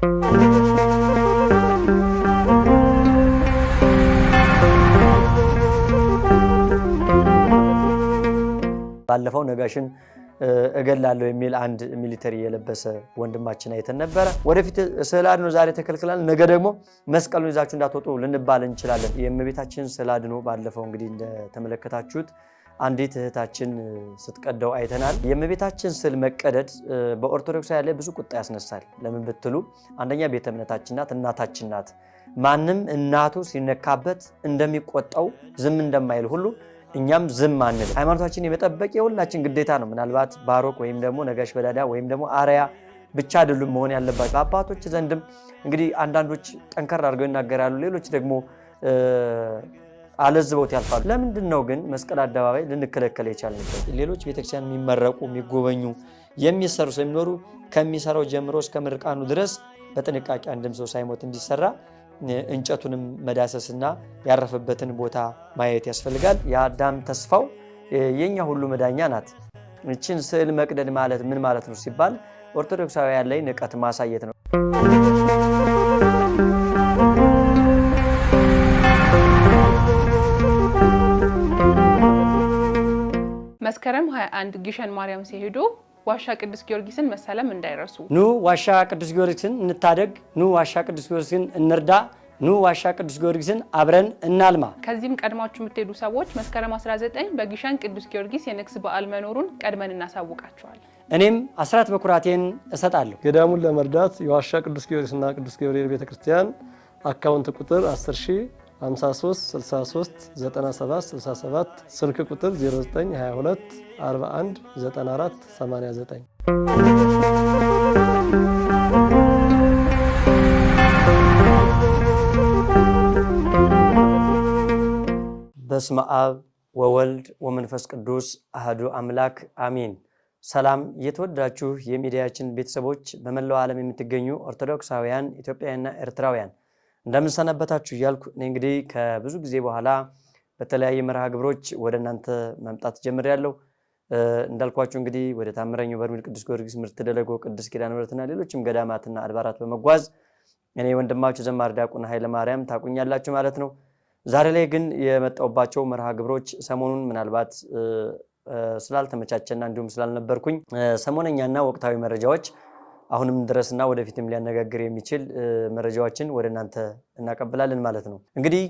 ባለፈው ነጋሽን እገላለሁ የሚል አንድ ሚሊተሪ የለበሰ ወንድማችን አይተን ነበረ። ወደፊት ስዕለ አድኖ ዛሬ ተከልክላል፣ ነገ ደግሞ መስቀሉን ይዛችሁ እንዳትወጡ ልንባል እንችላለን። የእመቤታችን ስዕለ አድኖ ባለፈው እንግዲህ እንደተመለከታችሁት አንዲት እህታችን ስትቀደው አይተናል። የእመቤታችን ስዕል መቀደድ በኦርቶዶክስ ያለ ብዙ ቁጣ ያስነሳል። ለምን ብትሉ አንደኛ ቤተ እምነታችን ናት፣ እናታችን ናት። ማንም እናቱ ሲነካበት እንደሚቆጣው ዝም እንደማይል ሁሉ እኛም ዝም አንል። ሃይማኖታችን የመጠበቅ የሁላችን ግዴታ ነው። ምናልባት ባሮክ ወይም ደግሞ ነጋሽ በዳዳ ወይም ደግሞ አርያ ብቻ አይደሉም መሆን ያለባቸው። በአባቶች ዘንድም እንግዲህ አንዳንዶች ጠንከር አድርገው ይናገራሉ፣ ሌሎች ደግሞ አለዝበውት ያልፋሉ። ለምንድን ነው ግን መስቀል አደባባይ ልንከለከል የቻልንበት? ሌሎች ቤተክርስቲያን የሚመረቁ የሚጎበኙ የሚሰሩ የሚኖሩ ከሚሰራው ጀምሮ እስከ ምርቃኑ ድረስ በጥንቃቄ አንድም ሰው ሳይሞት እንዲሰራ እንጨቱንም መዳሰስና ያረፈበትን ቦታ ማየት ያስፈልጋል። የአዳም ተስፋው የኛ ሁሉ መዳኛ ናት። እችን ስዕል መቅደድ ማለት ምን ማለት ነው ሲባል ኦርቶዶክሳውያን ላይ ንቀት ማሳየት ነው። መስከረም 21 ጊሸን ማርያም ሲሄዱ ዋሻ ቅዱስ ጊዮርጊስን መሰለም እንዳይረሱ። ኑ ዋሻ ቅዱስ ጊዮርጊስን እንታደግ፣ ኑ ዋሻ ቅዱስ ጊዮርጊስን እንርዳ፣ ኑ ዋሻ ቅዱስ ጊዮርጊስን አብረን እናልማ። ከዚህም ቀድማችሁ የምትሄዱ ሰዎች መስከረም 19 በጊሸን ቅዱስ ጊዮርጊስ የንግስ በዓል መኖሩን ቀድመን እናሳውቃቸዋል። እኔም አስራት በኩራቴን እሰጣለሁ። ገዳሙን ለመርዳት የዋሻ ቅዱስ ጊዮርጊስና ቅዱስ ገብርኤል ቤተክርስቲያን አካውንት ቁጥር 10 53 63 97 67 ስልክ ቁጥር 0922 41 94 89 በስመ አብ ወወልድ ወመንፈስ ቅዱስ አህዱ አምላክ አሚን። ሰላም የተወዳችሁ የሚዲያችን ቤተሰቦች፣ በመላው ዓለም የምትገኙ ኦርቶዶክሳውያን ኢትዮጵያውያንና ኤርትራውያን እንደምንሰነበታችሁ እያልኩ እኔ እንግዲህ ከብዙ ጊዜ በኋላ በተለያየ መርሃ ግብሮች ወደ እናንተ መምጣት ጀምሬያለሁ። እንዳልኳችሁ እንግዲህ ወደ ታምረኛው በርሜል ቅዱስ ጊዮርጊስ፣ ምርት ደለጎ፣ ቅዱስ ኪዳነ ምሕረትና ሌሎችም ገዳማትና አድባራት በመጓዝ እኔ ወንድማችሁ ዘማር ዲያቆን ኃይለ ማርያም ታቁኛላችሁ ማለት ነው። ዛሬ ላይ ግን የመጣውባቸው መርሃ ግብሮች ሰሞኑን ምናልባት ስላልተመቻቸና እንዲሁም ስላልነበርኩኝ ሰሞነኛና ወቅታዊ መረጃዎች አሁንም ድረስና ወደፊትም ሊያነጋግር የሚችል መረጃዎችን ወደ እናንተ እናቀብላለን ማለት ነው። እንግዲህ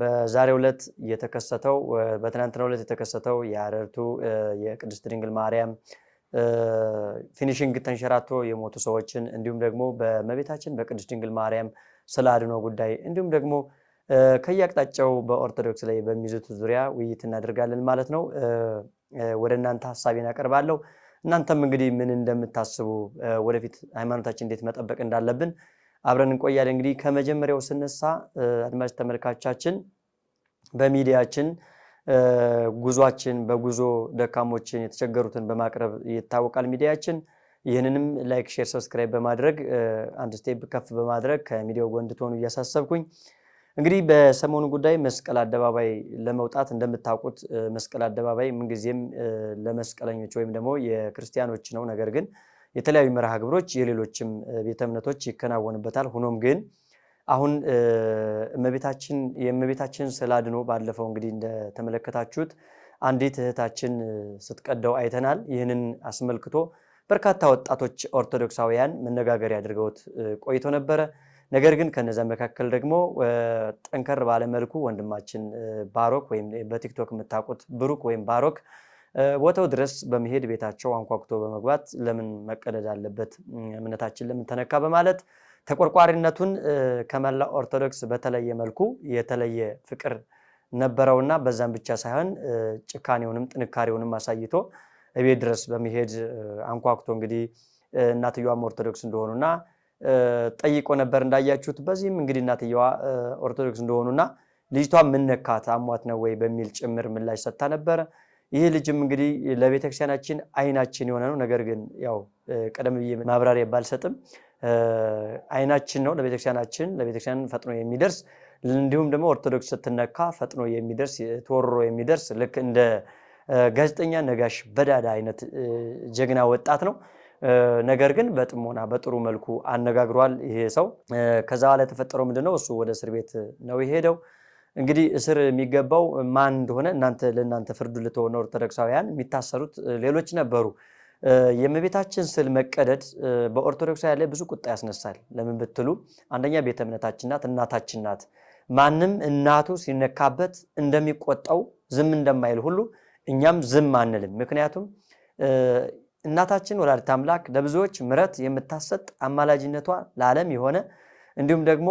በዛሬው ዕለት የተከሰተው በትናንትናው ዕለት የተከሰተው የሀረርቱ የቅድስት ድንግል ማርያም ፊኒሽንግ ተንሸራቶ የሞቱ ሰዎችን እንዲሁም ደግሞ በመቤታችን በቅድስት ድንግል ማርያም ስለ አድኖ ጉዳይ እንዲሁም ደግሞ ከየአቅጣጫው በኦርቶዶክስ ላይ በሚዙት ዙሪያ ውይይት እናደርጋለን ማለት ነው። ወደ እናንተ ሀሳቤን አቀርባለሁ። እናንተም እንግዲህ ምን እንደምታስቡ ወደፊት ሃይማኖታችን እንዴት መጠበቅ እንዳለብን አብረን እንቆያለን። እንግዲህ ከመጀመሪያው ስነሳ አድማጭ ተመልካቻችን በሚዲያችን ጉዟችን በጉዞ ደካሞችን የተቸገሩትን በማቅረብ ይታወቃል ሚዲያችን። ይህንንም ላይክ፣ ሼር፣ ሰብስክራይብ በማድረግ አንድ ስቴፕ ከፍ በማድረግ ከሚዲያው ጎን እንድትሆኑ እያሳሰብኩኝ እንግዲህ በሰሞኑ ጉዳይ መስቀል አደባባይ ለመውጣት እንደምታውቁት መስቀል አደባባይ ምንጊዜም ለመስቀለኞች ወይም ደግሞ የክርስቲያኖች ነው። ነገር ግን የተለያዩ መርሃ ግብሮች የሌሎችም ቤተ እምነቶች ይከናወንበታል። ሆኖም ግን አሁን እመቤታችን የእመቤታችን ስዕለ ባለፈው እንግዲህ እንደተመለከታችሁት አንዲት እህታችን ስትቀደው አይተናል። ይህንን አስመልክቶ በርካታ ወጣቶች ኦርቶዶክሳውያን መነጋገሪያ አድርገውት ቆይቶ ነበረ። ነገር ግን ከነዚ መካከል ደግሞ ጠንከር ባለመልኩ ወንድማችን ባሮክ ወይም በቲክቶክ የምታውቁት ብሩክ ወይም ባሮክ ቦታው ድረስ በመሄድ ቤታቸው አንኳኩቶ በመግባት ለምን መቀደድ አለበት እምነታችን ለምን ተነካ በማለት ተቆርቋሪነቱን ከመላ ኦርቶዶክስ በተለየ መልኩ የተለየ ፍቅር ነበረውና በዛም ብቻ ሳይሆን ጭካኔውንም ጥንካሬውንም አሳይቶ ቤት ድረስ በመሄድ አንኳኩቶ እንግዲህ እናትየዋም ኦርቶዶክስ እንደሆኑና ጠይቆ ነበር እንዳያችሁት። በዚህም እንግዲህ እናትየዋ ኦርቶዶክስ እንደሆኑና ልጅቷ ምነካት አሟት ነው ወይ በሚል ጭምር ምላሽ ሰጥታ ነበረ። ይህ ልጅም እንግዲህ ለቤተክርስቲያናችን አይናችን የሆነ ነው። ነገር ግን ያው ቀደም ብዬ ማብራሪያ ባልሰጥም አይናችን ነው ለቤተክርስቲያናችን፣ ለቤተክርስቲያን ፈጥኖ የሚደርስ እንዲሁም ደግሞ ኦርቶዶክስ ስትነካ ፈጥኖ የሚደርስ ተወርሮ የሚደርስ ልክ እንደ ጋዜጠኛ ነጋሽ በዳዳ አይነት ጀግና ወጣት ነው። ነገር ግን በጥሞና በጥሩ መልኩ አነጋግሯል። ይሄ ሰው ከዛ በኋላ የተፈጠረው ምንድነው? እሱ ወደ እስር ቤት ነው የሄደው። እንግዲህ እስር የሚገባው ማን እንደሆነ እናንተ ለእናንተ ፍርዱ ልትሆነ ኦርቶዶክሳውያን የሚታሰሩት ሌሎች ነበሩ። የእመቤታችን ስዕል መቀደድ በኦርቶዶክሳውያን ላይ ብዙ ቁጣ ያስነሳል። ለምን ብትሉ አንደኛ ቤተ እምነታችን ናት፣ እናታችን ናት። ማንም እናቱ ሲነካበት እንደሚቆጣው ዝም እንደማይል ሁሉ እኛም ዝም አንልም። ምክንያቱም እናታችን ወላዲተ አምላክ ለብዙዎች ምረት የምታሰጥ አማላጅነቷ ለዓለም የሆነ እንዲሁም ደግሞ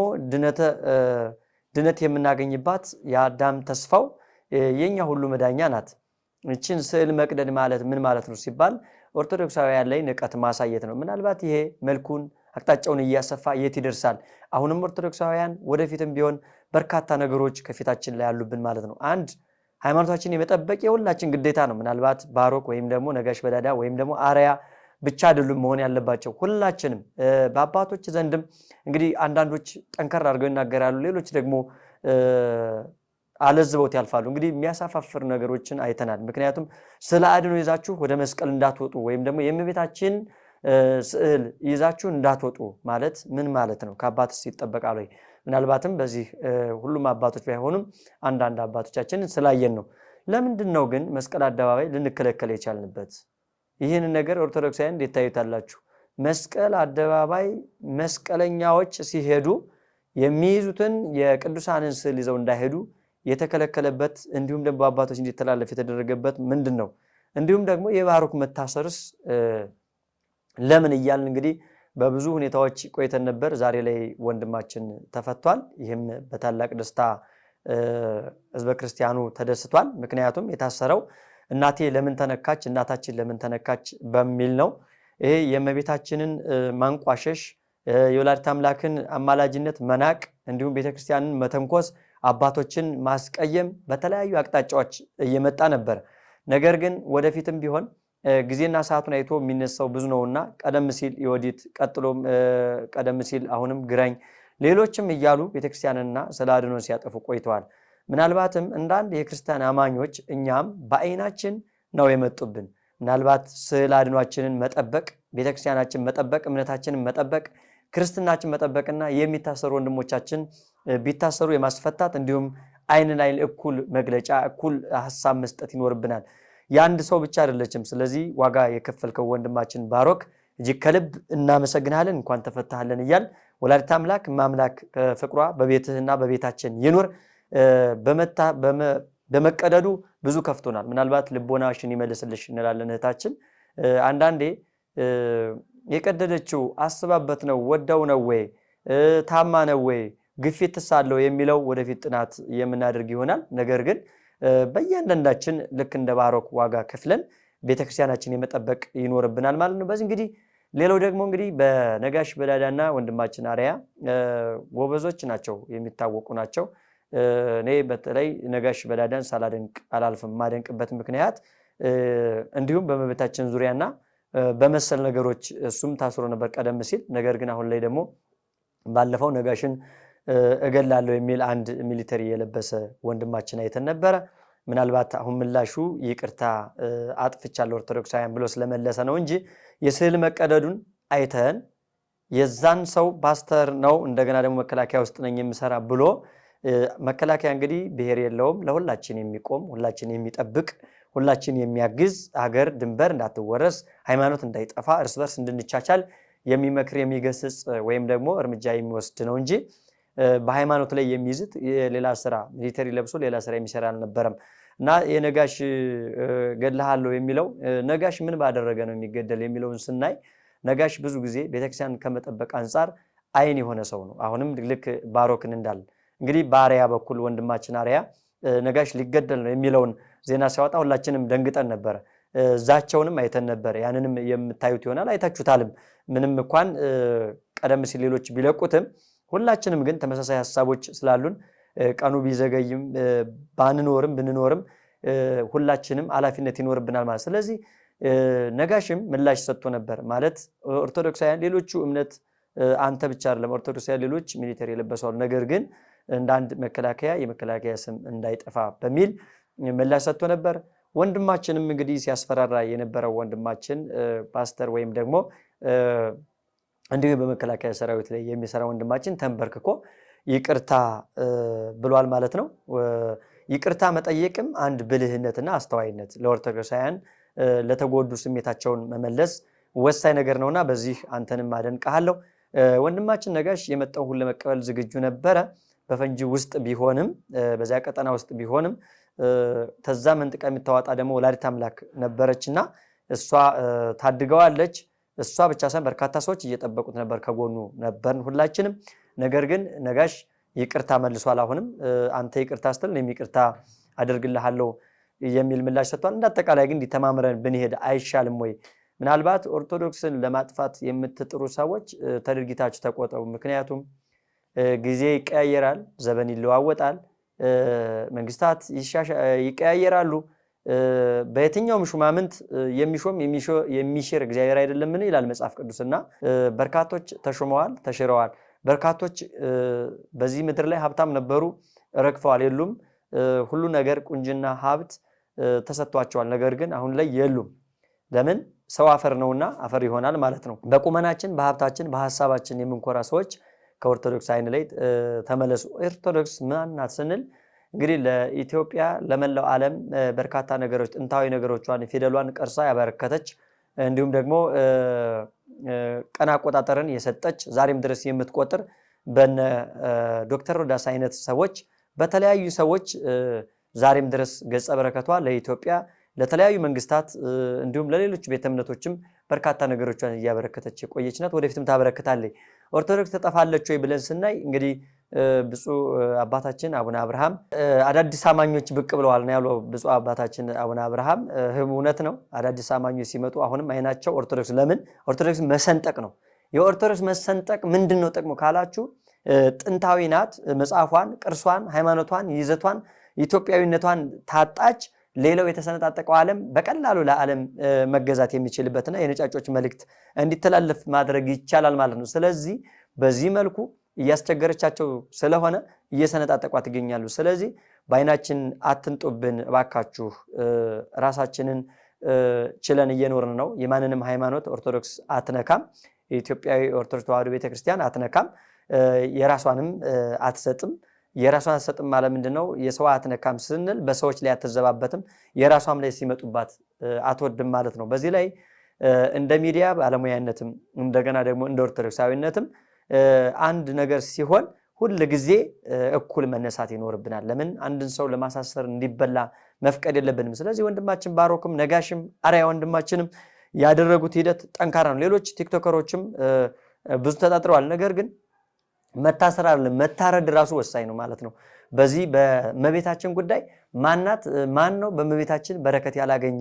ድነት የምናገኝባት የአዳም ተስፋው የኛ ሁሉ መዳኛ ናት። ይችን ስዕል መቅደድ ማለት ምን ማለት ነው ሲባል ኦርቶዶክሳውያን ላይ ንቀት ማሳየት ነው። ምናልባት ይሄ መልኩን አቅጣጫውን እያሰፋ የት ይደርሳል? አሁንም ኦርቶዶክሳውያን ወደፊትም ቢሆን በርካታ ነገሮች ከፊታችን ላይ ያሉብን ማለት ነው። አንድ ሃይማኖታችን የመጠበቅ የሁላችን ግዴታ ነው። ምናልባት ባሮክ ወይም ደግሞ ነጋሽ በዳዳ ወይም ደግሞ አርያ ብቻ አይደሉም መሆን ያለባቸው ሁላችንም። በአባቶች ዘንድም እንግዲህ አንዳንዶች ጠንከር አድርገው ይናገራሉ፣ ሌሎች ደግሞ አለዝበውት ያልፋሉ። እንግዲህ የሚያሳፋፍር ነገሮችን አይተናል። ምክንያቱም ስለ አድኖ ይዛችሁ ወደ መስቀል እንዳትወጡ ወይም ደግሞ የእመቤታችን ስዕል ይዛችሁ እንዳትወጡ ማለት ምን ማለት ነው? ከአባትስ ይጠበቃል ወይ? ምናልባትም በዚህ ሁሉም አባቶች ባይሆኑም አንዳንድ አባቶቻችንን ስላየን ነው። ለምንድን ነው ግን መስቀል አደባባይ ልንከለከል የቻልንበት? ይህን ነገር ኦርቶዶክሳውያን እንዴት ታዩታላችሁ? መስቀል አደባባይ መስቀለኛዎች ሲሄዱ የሚይዙትን የቅዱሳንን ስዕል ይዘው እንዳይሄዱ የተከለከለበት እንዲሁም ደግሞ አባቶች እንዲተላለፍ የተደረገበት ምንድን ነው? እንዲሁም ደግሞ የባሩክ መታሰርስ ለምን እያልን እንግዲህ በብዙ ሁኔታዎች ቆይተን ነበር። ዛሬ ላይ ወንድማችን ተፈቷል። ይህም በታላቅ ደስታ ህዝበ ክርስቲያኑ ተደስቷል። ምክንያቱም የታሰረው እናቴ ለምን ተነካች፣ እናታችን ለምን ተነካች በሚል ነው። ይሄ የእመቤታችንን ማንቋሸሽ፣ የወላዲተ አምላክን አማላጅነት መናቅ፣ እንዲሁም ቤተክርስቲያንን መተንኮስ፣ አባቶችን ማስቀየም በተለያዩ አቅጣጫዎች እየመጣ ነበር። ነገር ግን ወደፊትም ቢሆን ጊዜና ሰዓቱን አይቶ የሚነሳው ብዙ ነውና ቀደም ሲል የወዲት ቀጥሎም ቀደም ሲል አሁንም ግራኝ ሌሎችም እያሉ ቤተክርስቲያንና ስለ አድኖ ሲያጠፉ ቆይተዋል። ምናልባትም እንዳንድ የክርስቲያን አማኞች እኛም በአይናችን ነው የመጡብን። ምናልባት ስለ አድኗችንን መጠበቅ፣ ቤተክርስቲያናችን መጠበቅ፣ እምነታችንን መጠበቅ፣ ክርስትናችን መጠበቅና የሚታሰሩ ወንድሞቻችን ቢታሰሩ የማስፈታት እንዲሁም አይንን አይን እኩል መግለጫ እኩል ሀሳብ መስጠት ይኖርብናል። የአንድ ሰው ብቻ አይደለችም። ስለዚህ ዋጋ የከፈልከው ወንድማችን ባሮክ እጅግ ከልብ እናመሰግናለን። እንኳን ተፈታሃለን እያል ወላዲተ አምላክ ማምላክ ፍቅሯ በቤትህና በቤታችን ይኑር። በመቀደዱ ብዙ ከፍቶናል። ምናልባት ልቦናሽን ይመልስልሽ እንላለን። እህታችን አንዳንዴ የቀደደችው አስባበት ነው ወዳው ነው ወይ ታማ ነው ወይ ግፊትስ አለው የሚለው ወደፊት ጥናት የምናደርግ ይሆናል። ነገር ግን በእያንዳንዳችን ልክ እንደ ባሮክ ዋጋ ከፍለን ቤተክርስቲያናችን የመጠበቅ ይኖርብናል ማለት ነው። በዚህ እንግዲህ ሌላው ደግሞ እንግዲህ በነጋሽ በዳዳና ወንድማችን አርያ ጎበዞች ናቸው፣ የሚታወቁ ናቸው። እኔ በተለይ ነጋሽ በዳዳን ሳላደንቅ አላልፍም። የማደንቅበት ምክንያት እንዲሁም በመቤታችን ዙሪያና በመሰል ነገሮች እሱም ታስሮ ነበር ቀደም ሲል። ነገር ግን አሁን ላይ ደግሞ ባለፈው ነጋሽን እገላለሁ የሚል አንድ ሚሊተሪ የለበሰ ወንድማችን አይተን ነበረ። ምናልባት አሁን ምላሹ ይቅርታ አጥፍቻለሁ ኦርቶዶክሳውያን ብሎ ስለመለሰ ነው እንጂ የስዕል መቀደዱን አይተን የዛን ሰው ፓስተር ነው እንደገና ደግሞ መከላከያ ውስጥ ነኝ የምሰራ ብሎ መከላከያ እንግዲህ ብሔር የለውም፣ ለሁላችን የሚቆም ሁላችን የሚጠብቅ ሁላችን የሚያግዝ ሀገር ድንበር እንዳትወረስ ሃይማኖት እንዳይጠፋ እርስ በርስ እንድንቻቻል የሚመክር የሚገስጽ ወይም ደግሞ እርምጃ የሚወስድ ነው እንጂ በሃይማኖት ላይ የሚይዝት ሌላ ስራ ሚሊተሪ ለብሶ ሌላ ስራ የሚሰራ አልነበረም እና የነጋሽ ገድልሃለሁ የሚለው ነጋሽ ምን ባደረገ ነው የሚገደል የሚለውን ስናይ ነጋሽ ብዙ ጊዜ ቤተክርስቲያን ከመጠበቅ አንጻር አይን የሆነ ሰው ነው። አሁንም ልክ ባሮክን እንዳለ እንግዲህ በአርያ በኩል ወንድማችን አርያ ነጋሽ ሊገደል ነው የሚለውን ዜና ሲያወጣ ሁላችንም ደንግጠን ነበረ። እዛቸውንም አይተን ነበር። ያንንም የምታዩት ይሆናል አይታችሁታልም። ምንም እንኳን ቀደም ሲል ሌሎች ቢለቁትም ሁላችንም ግን ተመሳሳይ ሀሳቦች ስላሉን ቀኑ ቢዘገይም ባንኖርም ብንኖርም ሁላችንም ኃላፊነት ይኖርብናል ማለት። ስለዚህ ነጋሽም ምላሽ ሰጥቶ ነበር ማለት ኦርቶዶክሳውያን፣ ሌሎቹ እምነት አንተ ብቻ አይደለም ኦርቶዶክሳውያን፣ ሌሎች ሚሊተሪ የለበሰዋል ነገር ግን እንደ አንድ መከላከያ የመከላከያ ስም እንዳይጠፋ በሚል ምላሽ ሰጥቶ ነበር። ወንድማችንም እንግዲህ ሲያስፈራራ የነበረው ወንድማችን ፓስተር ወይም ደግሞ እንዲሁ በመከላከያ ሰራዊት ላይ የሚሰራ ወንድማችን ተንበርክኮ ይቅርታ ብሏል ማለት ነው። ይቅርታ መጠየቅም አንድ ብልህነትና አስተዋይነት ለኦርቶዶክሳውያን ለተጎዱ ስሜታቸውን መመለስ ወሳኝ ነገር ነውና በዚህ አንተንም አደንቅሃለሁ። ወንድማችን ነጋሽ የመጣውን ለመቀበል ዝግጁ ነበረ። በፈንጂ ውስጥ ቢሆንም በዚያ ቀጠና ውስጥ ቢሆንም ተዛ መንጥቃ የምታዋጣ ደግሞ ወላዲት አምላክ ነበረችና እሷ ታድገዋለች። እሷ ብቻ ሳይሆን በርካታ ሰዎች እየጠበቁት ነበር፣ ከጎኑ ነበርን ሁላችንም። ነገር ግን ነጋሽ ይቅርታ መልሷል። አሁንም አንተ ይቅርታ ስትል እኔም ይቅርታ አደርግልሃለሁ የሚል ምላሽ ሰጥቷል። እንደ አጠቃላይ ግን እንዲተማምረን ብንሄድ አይሻልም ወይ? ምናልባት ኦርቶዶክስን ለማጥፋት የምትጥሩ ሰዎች ተድርጊታችሁ ተቆጠቡ። ምክንያቱም ጊዜ ይቀያየራል፣ ዘመን ይለዋወጣል፣ መንግስታት ይቀያየራሉ። በየትኛውም ሹማምንት የሚሾም የሚሽር እግዚአብሔር አይደለምን? ይላል መጽሐፍ ቅዱስና በርካቶች ተሾመዋል፣ ተሽረዋል። በርካቶች በዚህ ምድር ላይ ሀብታም ነበሩ፣ ረግፈዋል፣ የሉም። ሁሉ ነገር ቁንጅና፣ ሀብት ተሰጥቷቸዋል፣ ነገር ግን አሁን ላይ የሉም። ለምን? ሰው አፈር ነውና አፈር ይሆናል ማለት ነው። በቁመናችን፣ በሀብታችን፣ በሀሳባችን የምንኮራ ሰዎች ከኦርቶዶክስ አይን ላይ ተመለሱ። ኦርቶዶክስ ማናት ስንል እንግዲህ ለኢትዮጵያ ለመላው ዓለም በርካታ ነገሮች ጥንታዊ ነገሮቿን ፊደሏን ቀርሳ ያበረከተች እንዲሁም ደግሞ ቀን አቆጣጠርን የሰጠች ዛሬም ድረስ የምትቆጥር በነ ዶክተር ሮዳስ አይነት ሰዎች በተለያዩ ሰዎች ዛሬም ድረስ ገጸ በረከቷ ለኢትዮጵያ ለተለያዩ መንግስታት እንዲሁም ለሌሎች ቤተ እምነቶችም በርካታ ነገሮቿን እያበረከተች የቆየች ናት። ወደፊትም ታበረክታለች። ኦርቶዶክስ ተጠፋለች ወይ ብለን ስናይ እንግዲህ ብፁዕ አባታችን አቡነ አብርሃም አዳዲስ አማኞች ብቅ ብለዋል ነው ያለው ብፁዕ አባታችን አቡነ አብርሃም። ህም እውነት ነው። አዳዲስ አማኞች ሲመጡ አሁንም አይናቸው ኦርቶዶክስ። ለምን ኦርቶዶክስ መሰንጠቅ ነው። የኦርቶዶክስ መሰንጠቅ ምንድን ነው ጥቅሙ ካላችሁ ጥንታዊ ናት። መጽሐፏን፣ ቅርሷን፣ ሃይማኖቷን፣ ይዘቷን፣ ኢትዮጵያዊነቷን ታጣች። ሌላው የተሰነጣጠቀው ዓለም በቀላሉ ለዓለም መገዛት የሚችልበትና የነጫጮች መልእክት እንዲተላለፍ ማድረግ ይቻላል ማለት ነው። ስለዚህ በዚህ መልኩ እያስቸገረቻቸው ስለሆነ እየሰነጣጠቋ ትገኛሉ። ስለዚህ በአይናችን አትንጡብን እባካችሁ። ራሳችንን ችለን እየኖርን ነው። የማንንም ሃይማኖት ኦርቶዶክስ አትነካም። የኢትዮጵያዊ ኦርቶዶክስ ተዋህዶ ቤተክርስቲያን አትነካም። የራሷንም አትሰጥም። የራሷን አትሰጥም ማለት ምንድን ነው? የሰው አትነካም ስንል በሰዎች ላይ አትዘባበትም፣ የራሷም ላይ ሲመጡባት አትወድም ማለት ነው። በዚህ ላይ እንደ ሚዲያ ባለሙያነትም እንደገና ደግሞ እንደ ኦርቶዶክሳዊነትም አንድ ነገር ሲሆን ሁል ጊዜ እኩል መነሳት ይኖርብናል። ለምን አንድን ሰው ለማሳሰር እንዲበላ መፍቀድ የለብንም። ስለዚህ ወንድማችን ባሮክም ነጋሽም አርያ ወንድማችንም ያደረጉት ሂደት ጠንካራ ነው። ሌሎች ቲክቶከሮችም ብዙ ተጣጥረዋል። ነገር ግን መታሰር አለ መታረድ ራሱ ወሳኝ ነው ማለት ነው። በዚህ በእመቤታችን ጉዳይ ማናት ማን ነው በእመቤታችን በረከት ያላገኝ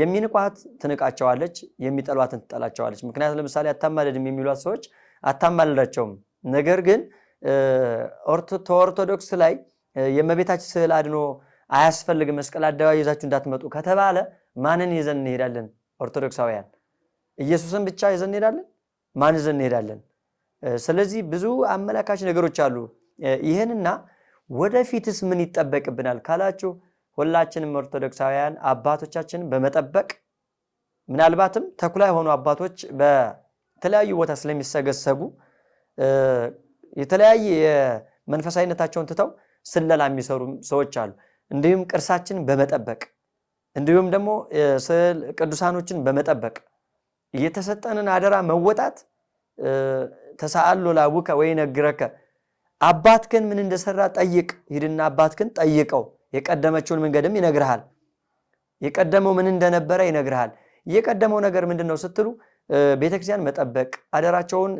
የሚንቋት ትንቃቸዋለች፣ የሚጠሏትን ትጠላቸዋለች። ምክንያት ለምሳሌ አታማልድም የሚሏት ሰዎች አታማልዳቸውም። ነገር ግን ተኦርቶዶክስ ላይ የእመቤታችን ስዕል አድኖ አያስፈልግ መስቀል አደባባይ ይዛችሁ እንዳትመጡ ከተባለ ማንን ይዘን እንሄዳለን? ኦርቶዶክሳውያን ኢየሱስን ብቻ ይዘን እንሄዳለን? ማን ይዘን እንሄዳለን? ስለዚህ ብዙ አመላካች ነገሮች አሉ። ይህንና ወደፊትስ ምን ይጠበቅብናል ካላችሁ ሁላችንም ኦርቶዶክሳውያን አባቶቻችን በመጠበቅ ምናልባትም ተኩላ የሆኑ አባቶች የተለያዩ ቦታ ስለሚሰገሰጉ የተለያየ የመንፈሳዊነታቸውን ትተው ስለላ የሚሰሩ ሰዎች አሉ። እንዲሁም ቅርሳችን በመጠበቅ እንዲሁም ደግሞ ቅዱሳኖችን በመጠበቅ የተሰጠንን አደራ መወጣት ተሳአሎ ላቡከ ወይ ነግረከ አባትክን ምን እንደሰራ ጠይቅ። ሂድና አባትክን ጠይቀው። የቀደመችውን መንገድም ይነግርሃል። የቀደመው ምን እንደነበረ ይነግርሃል። የቀደመው ነገር ምንድን ነው ስትሉ ቤተክርስቲያን መጠበቅ፣ አደራቸውን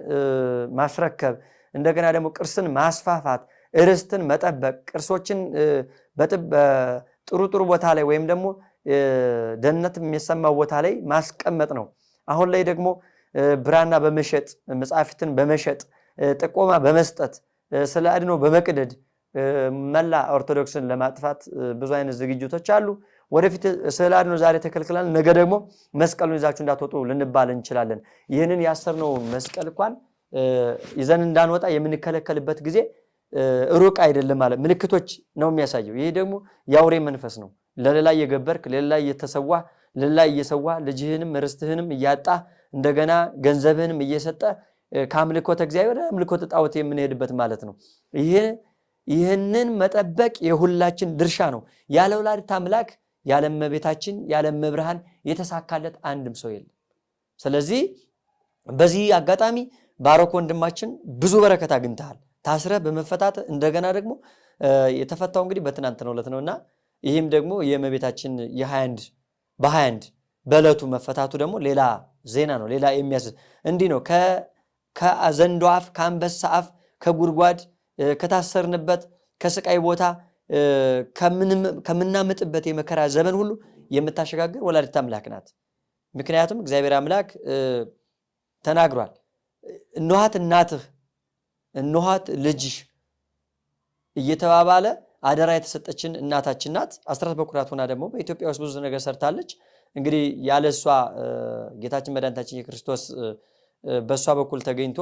ማስረከብ፣ እንደገና ደግሞ ቅርስን ማስፋፋት፣ እርስትን መጠበቅ፣ ቅርሶችን በጥሩጥሩ ጥሩ ቦታ ላይ ወይም ደግሞ ደህንነት የሚሰማው ቦታ ላይ ማስቀመጥ ነው። አሁን ላይ ደግሞ ብራና በመሸጥ መጽሐፊትን በመሸጥ ጥቆማ በመስጠት ስለ አድኖ በመቅደድ መላ ኦርቶዶክስን ለማጥፋት ብዙ አይነት ዝግጅቶች አሉ። ወደፊት ስዕል አድኖ ዛሬ ተከልክላል፣ ነገ ደግሞ መስቀሉን ይዛችሁ እንዳትወጡ ልንባል እንችላለን። ይህንን ያሰርነውን መስቀል እንኳን ይዘን እንዳንወጣ የምንከለከልበት ጊዜ ሩቅ አይደለም ማለት ምልክቶች ነው የሚያሳየው። ይህ ደግሞ የአውሬ መንፈስ ነው። ለሌላ እየገበርክ ለሌላ እየተሰዋ ለሌላ እየሰዋ ልጅህንም ርስትህንም እያጣ እንደገና ገንዘብህንም እየሰጠ ከአምልኮተ እግዚአብሔር አምልኮተ ጣዖት የምንሄድበት ማለት ነው። ይህንን መጠበቅ የሁላችን ድርሻ ነው። ያለ ወላዲተ አምላክ ያለ እመቤታችን ያለ እመብርሃን የተሳካለት አንድም ሰው የለም። ስለዚህ በዚህ አጋጣሚ ባሮክ ወንድማችን ብዙ በረከት አግኝተሃል። ታስረ በመፈታት እንደገና ደግሞ የተፈታው እንግዲህ በትናንትናው ዕለት ነው እና ይህም ደግሞ የእመቤታችን የ21 በ21 በዕለቱ መፈታቱ ደግሞ ሌላ ዜና ነው። ሌላ የሚያስ እንዲህ ነው ከዘንዶ አፍ፣ ከአንበሳ አፍ፣ ከጉድጓድ፣ ከታሰርንበት ከስቃይ ቦታ ከምናምጥበት የመከራ ዘመን ሁሉ የምታሸጋግር ወላዲት አምላክ ናት። ምክንያቱም እግዚአብሔር አምላክ ተናግሯል። እነኋት እናትህ እነኋት ልጅሽ እየተባባለ አደራ የተሰጠችን እናታችን ናት። አስራት በኩራት ሆና ደግሞ በኢትዮጵያ ውስጥ ብዙ ነገር ሰርታለች። እንግዲህ ያለ እሷ ጌታችን መድኃኒታችን የክርስቶስ በእሷ በኩል ተገኝቶ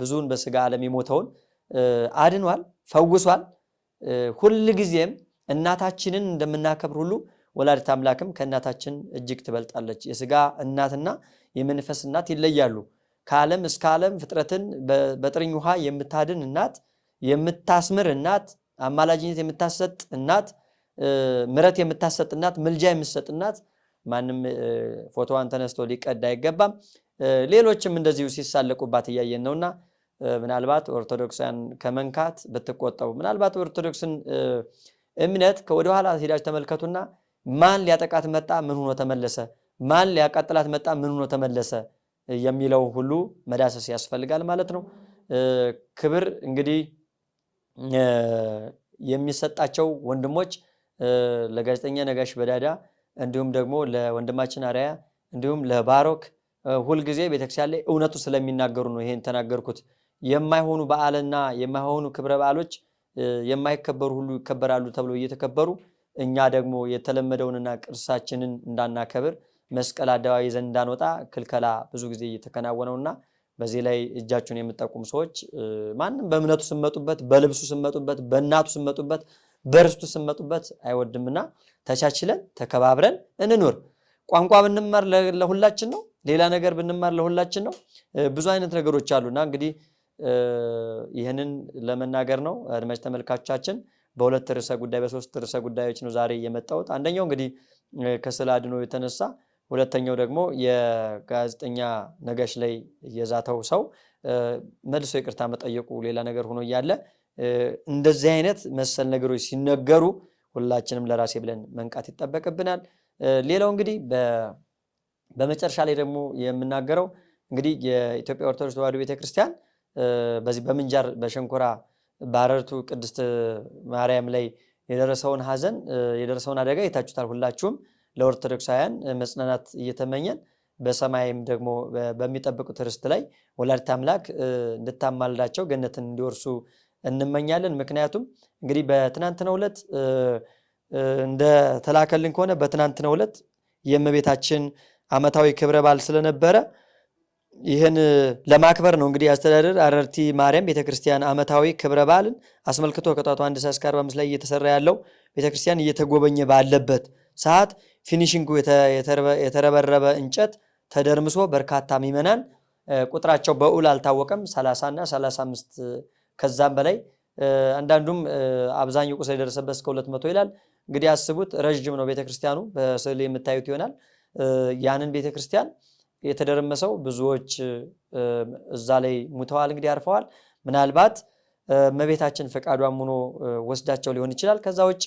ብዙውን በስጋ ዓለም የሞተውን አድኗል፣ ፈውሷል። ሁል ጊዜም እናታችንን እንደምናከብር ሁሉ ወላዲት አምላክም ከእናታችን እጅግ ትበልጣለች። የስጋ እናትና የመንፈስ እናት ይለያሉ። ከዓለም እስከ ዓለም ፍጥረትን በጥርኝ ውሃ የምታድን እናት፣ የምታስምር እናት፣ አማላጅነት የምታሰጥ እናት፣ ምረት የምታሰጥ እናት፣ ምልጃ የምትሰጥ እናት ማንም ፎቶዋን ተነስቶ ሊቀድ አይገባም። ሌሎችም እንደዚሁ ሲሳለቁባት እያየን ነውና ምናልባት ኦርቶዶክሳን ከመንካት ብትቆጠቡ። ምናልባት ኦርቶዶክስን እምነት ከወደኋላ ሄዳችሁ ተመልከቱና ማን ሊያጠቃት መጣ፣ ምን ሆኖ ተመለሰ፣ ማን ሊያቃጥላት መጣ፣ ምን ሆኖ ተመለሰ የሚለው ሁሉ መዳሰስ ያስፈልጋል ማለት ነው። ክብር እንግዲህ የሚሰጣቸው ወንድሞች ለጋዜጠኛ ነጋሽ በዳዳ እንዲሁም ደግሞ ለወንድማችን አርአያ እንዲሁም ለባሮክ ሁልጊዜ ቤተክርስቲያን ላይ እውነቱ ስለሚናገሩ ነው ይሄን ተናገርኩት። የማይሆኑ በዓልና የማይሆኑ ክብረ በዓሎች የማይከበሩ ሁሉ ይከበራሉ ተብሎ እየተከበሩ እኛ ደግሞ የተለመደውንና ቅርሳችንን እንዳናከብር መስቀል አደባባይ ዘንድ እንዳንወጣ ክልከላ ብዙ ጊዜ እየተከናወነውና በዚህ ላይ እጃችሁን የምጠቁሙ ሰዎች ማንም በእምነቱ ስመጡበት፣ በልብሱ ስመጡበት፣ በእናቱ ስመጡበት፣ በርስቱ ስመጡበት አይወድምና ተቻችለን ተከባብረን እንኑር። ቋንቋ ብንማር ለሁላችን ነው። ሌላ ነገር ብንማር ለሁላችን ነው። ብዙ አይነት ነገሮች አሉና እንግዲህ ይህንን ለመናገር ነው። አድማጭ ተመልካቾቻችን በሁለት ርዕሰ ጉዳይ በሶስት ርዕሰ ጉዳዮች ነው ዛሬ የመጣሁት። አንደኛው እንግዲህ ከስዕል አድኖ የተነሳ ሁለተኛው ደግሞ የጋዜጠኛ ነገሽ ላይ የዛተው ሰው መልሶ ይቅርታ መጠየቁ ሌላ ነገር ሆኖ እያለ እንደዚህ አይነት መሰል ነገሮች ሲነገሩ ሁላችንም ለራሴ ብለን መንቃት ይጠበቅብናል። ሌላው እንግዲህ በመጨረሻ ላይ ደግሞ የምናገረው እንግዲህ የኢትዮጵያ ኦርቶዶክስ ተዋሕዶ ቤተክርስቲያን በዚህ በምንጃር በሸንኮራ ባረርቱ ቅድስት ማርያም ላይ የደረሰውን ሀዘን የደረሰውን አደጋ ይታችሁታል። ሁላችሁም ለኦርቶዶክሳውያን መጽናናት እየተመኘን በሰማይም ደግሞ በሚጠብቁት ርስት ላይ ወላዲተ አምላክ እንድታማልዳቸው ገነትን እንዲወርሱ እንመኛለን። ምክንያቱም እንግዲህ በትናንትናው ዕለት እንደተላከልን ከሆነ በትናንትናው ዕለት የእመቤታችን ዓመታዊ ክብረ በዓል ስለነበረ ይህን ለማክበር ነው እንግዲህ አስተዳደር አረርቲ ማርያም ቤተክርስቲያን ዓመታዊ ክብረ በዓልን አስመልክቶ ከጧቱ አንድ ሰዓት እስከ አርባ አምስት ላይ እየተሰራ ያለው ቤተክርስቲያን እየተጎበኘ ባለበት ሰዓት ፊኒሽንጉ የተረበረበ እንጨት ተደርምሶ በርካታ ምዕመናን ቁጥራቸው በውል አልታወቀም፣ 30 እና 35 ከዛም በላይ አንዳንዱም አብዛኛው ቁስ የደረሰበት እስከ 200 ይላል። እንግዲህ አስቡት፣ ረዥም ነው ቤተክርስቲያኑ። በስዕል የምታዩት ይሆናል ያንን ቤተክርስቲያን የተደረመሰው ብዙዎች እዛ ላይ ሙተዋል፣ እንግዲህ አርፈዋል። ምናልባት እመቤታችን ፈቃዷም ሆኖ ወስዳቸው ሊሆን ይችላል። ከዛ ውጭ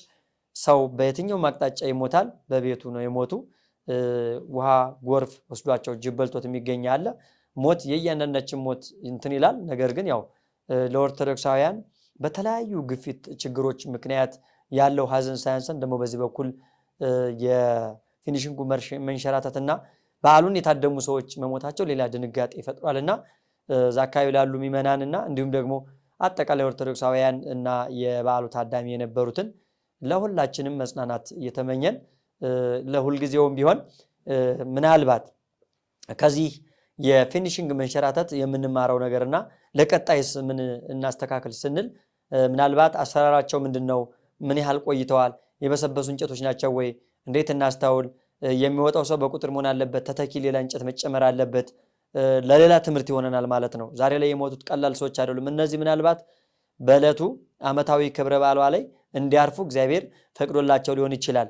ሰው በየትኛው ማቅጣጫ ይሞታል። በቤቱ ነው የሞቱ። ውሃ፣ ጎርፍ ወስዷቸው ጅበልቶት የሚገኝ አለ። ሞት የእያንዳንዳችን ሞት እንትን ይላል። ነገር ግን ያው ለኦርቶዶክሳውያን በተለያዩ ግፊት ችግሮች ምክንያት ያለው ሀዘን ሳያንሰን ደግሞ በዚህ በኩል የፊኒሽንጉ መንሸራተትና በዓሉን የታደሙ ሰዎች መሞታቸው ሌላ ድንጋጤ ይፈጥሯል እና እዛ አካባቢ ላሉ ምዕመናን እና እንዲሁም ደግሞ አጠቃላይ ኦርቶዶክሳውያን እና የበዓሉ ታዳሚ የነበሩትን ለሁላችንም መጽናናት እየተመኘን ለሁልጊዜውም ቢሆን ምናልባት ከዚህ የፊኒሽንግ መንሸራተት የምንማረው ነገርና ለቀጣይስ ምን እናስተካክል ስንል ምናልባት አሰራራቸው ምንድን ነው? ምን ያህል ቆይተዋል? የበሰበሱ እንጨቶች ናቸው ወይ? እንዴት እናስተውል? የሚወጣው ሰው በቁጥር መሆን አለበት። ተተኪ ሌላ እንጨት መጨመር አለበት። ለሌላ ትምህርት ይሆነናል ማለት ነው። ዛሬ ላይ የሞቱት ቀላል ሰዎች አይደሉም። እነዚህ ምናልባት በዕለቱ ዓመታዊ ክብረ በዓሏ ላይ እንዲያርፉ እግዚአብሔር ፈቅዶላቸው ሊሆን ይችላል።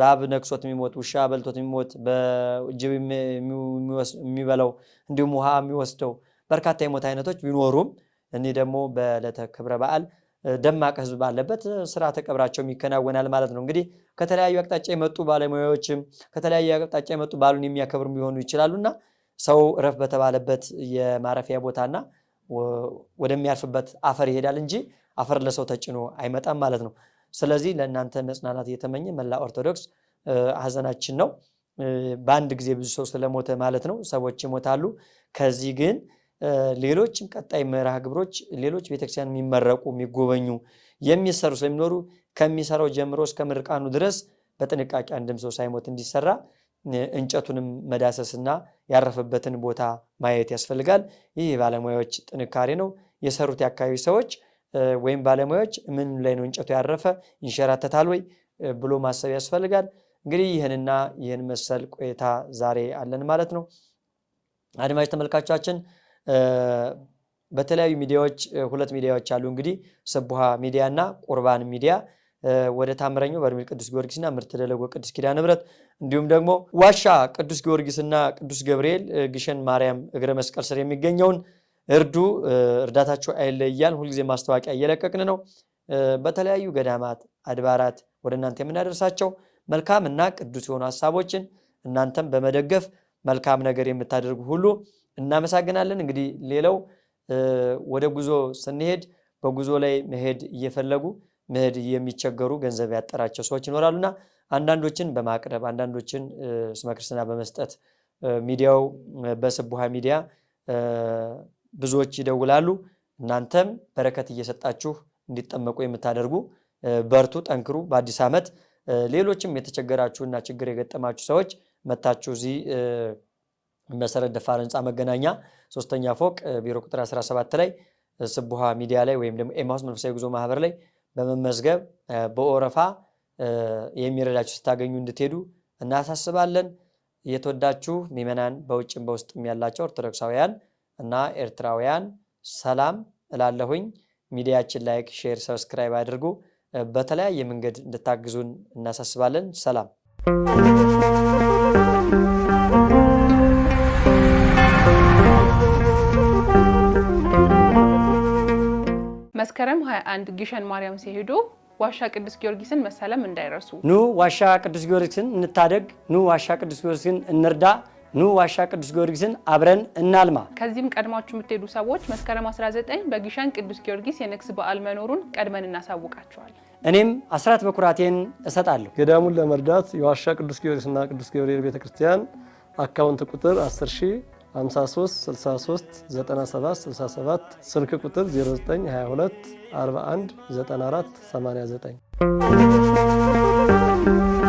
በአብ ነክሶት የሚሞት ውሻ በልቶት የሚሞት በጅብ የሚበላው እንዲሁም ውሃ የሚወስደው በርካታ የሞት አይነቶች ቢኖሩም እኒህ ደግሞ በዕለተ ክብረ በዓል ደማቅ ህዝብ ባለበት ስርዓተ ቀብራቸውም ይከናወናል ማለት ነው። እንግዲህ ከተለያዩ አቅጣጫ የመጡ ባለሙያዎችም ከተለያዩ አቅጣጫ የመጡ በዓሉን የሚያከብሩ ሊሆኑ ይችላሉና ሰው እረፍ በተባለበት የማረፊያ ቦታና ወደሚያርፍበት አፈር ይሄዳል እንጂ አፈር ለሰው ተጭኖ አይመጣም ማለት ነው። ስለዚህ ለእናንተ መጽናናት እየተመኘ መላ ኦርቶዶክስ ሀዘናችን ነው። በአንድ ጊዜ ብዙ ሰው ስለሞተ ማለት ነው ሰዎች ይሞታሉ። ከዚህ ግን ሌሎችም ቀጣይ መርሃ ግብሮች ሌሎች ቤተክርስቲያን የሚመረቁ የሚጎበኙ የሚሰሩ ስለሚኖሩ ከሚሰራው ጀምሮ እስከ ምርቃኑ ድረስ በጥንቃቄ አንድም ሰው ሳይሞት እንዲሰራ እንጨቱንም መዳሰስና ያረፈበትን ቦታ ማየት ያስፈልጋል። ይህ የባለሙያዎች ጥንካሬ ነው። የሰሩት የአካባቢ ሰዎች ወይም ባለሙያዎች ምን ላይ ነው እንጨቱ ያረፈ ይንሸራተታል ወይ ብሎ ማሰብ ያስፈልጋል። እንግዲህ ይህንና ይህን መሰል ቆይታ ዛሬ አለን ማለት ነው። አድማጭ ተመልካቻችን በተለያዩ ሚዲያዎች ሁለት ሚዲያዎች አሉ እንግዲህ ሰቡሃ ሚዲያ እና ቁርባን ሚዲያ ወደ ታምረኞ በርሜል ቅዱስ ጊዮርጊስና ምርት ደለጎ ቅዱስ ኪዳ ንብረት እንዲሁም ደግሞ ዋሻ ቅዱስ ጊዮርጊስና ቅዱስ ገብርኤል ግሸን ማርያም እግረ መስቀል ስር የሚገኘውን እርዱ እርዳታቸው አይለያል። ሁልጊዜ ማስታወቂያ እየለቀቅን ነው። በተለያዩ ገዳማት፣ አድባራት ወደ እናንተ የምናደርሳቸው መልካም እና ቅዱስ የሆኑ ሀሳቦችን እናንተም በመደገፍ መልካም ነገር የምታደርጉ ሁሉ እናመሰግናለን። እንግዲህ ሌላው ወደ ጉዞ ስንሄድ በጉዞ ላይ መሄድ እየፈለጉ መሄድ የሚቸገሩ ገንዘብ ያጠራቸው ሰዎች ይኖራሉና አንዳንዶችን በማቅረብ አንዳንዶችን ስመ ክርስትና በመስጠት ሚዲያው በስቡሃ ሚዲያ ብዙዎች ይደውላሉ። እናንተም በረከት እየሰጣችሁ እንዲጠመቁ የምታደርጉ በርቱ፣ ጠንክሩ። በአዲስ ዓመት ሌሎችም የተቸገራችሁና ችግር የገጠማችሁ ሰዎች መታችሁ እዚህ መሰረት ደፋር ህንፃ መገናኛ ሶስተኛ ፎቅ ቢሮ ቁጥር 17 ላይ ስቡሃ ሚዲያ ላይ ወይም ደግሞ ኤማሁስ መንፈሳዊ ጉዞ ማህበር ላይ በመመዝገብ በኦረፋ የሚረዳችሁ ስታገኙ እንድትሄዱ እናሳስባለን። የተወዳችሁ ሚመናን በውጭም በውስጥም ያላቸው ኦርቶዶክሳውያን እና ኤርትራውያን ሰላም እላለሁኝ። ሚዲያችን ላይክ፣ ሼር፣ ሰብስክራይብ አድርጉ። በተለያየ መንገድ እንድታግዙን እናሳስባለን። ሰላም መስከረም 21 ጊሸን ማርያም ሲሄዱ ዋሻ ቅዱስ ጊዮርጊስን መሳለም እንዳይረሱ። ኑ ዋሻ ቅዱስ ጊዮርጊስን እንታደግ፣ ኑ ዋሻ ቅዱስ ጊዮርጊስን እንርዳ፣ ኑ ዋሻ ቅዱስ ጊዮርጊስን አብረን እናልማ። ከዚህም ቀድማችሁ የምትሄዱ ሰዎች መስከረም 19 በጊሸን ቅዱስ ጊዮርጊስ የንግስ በዓል መኖሩን ቀድመን እናሳውቃቸዋል። እኔም አስራት በኩራቴን እሰጣለሁ። ገዳሙን ለመርዳት የዋሻ ቅዱስ ጊዮርጊስና ቅዱስ ገብርኤል ቤተክርስቲያን አካውንት ቁጥር 10 53 63 97 67 ስልክ ቁጥር 09 22 41 94 89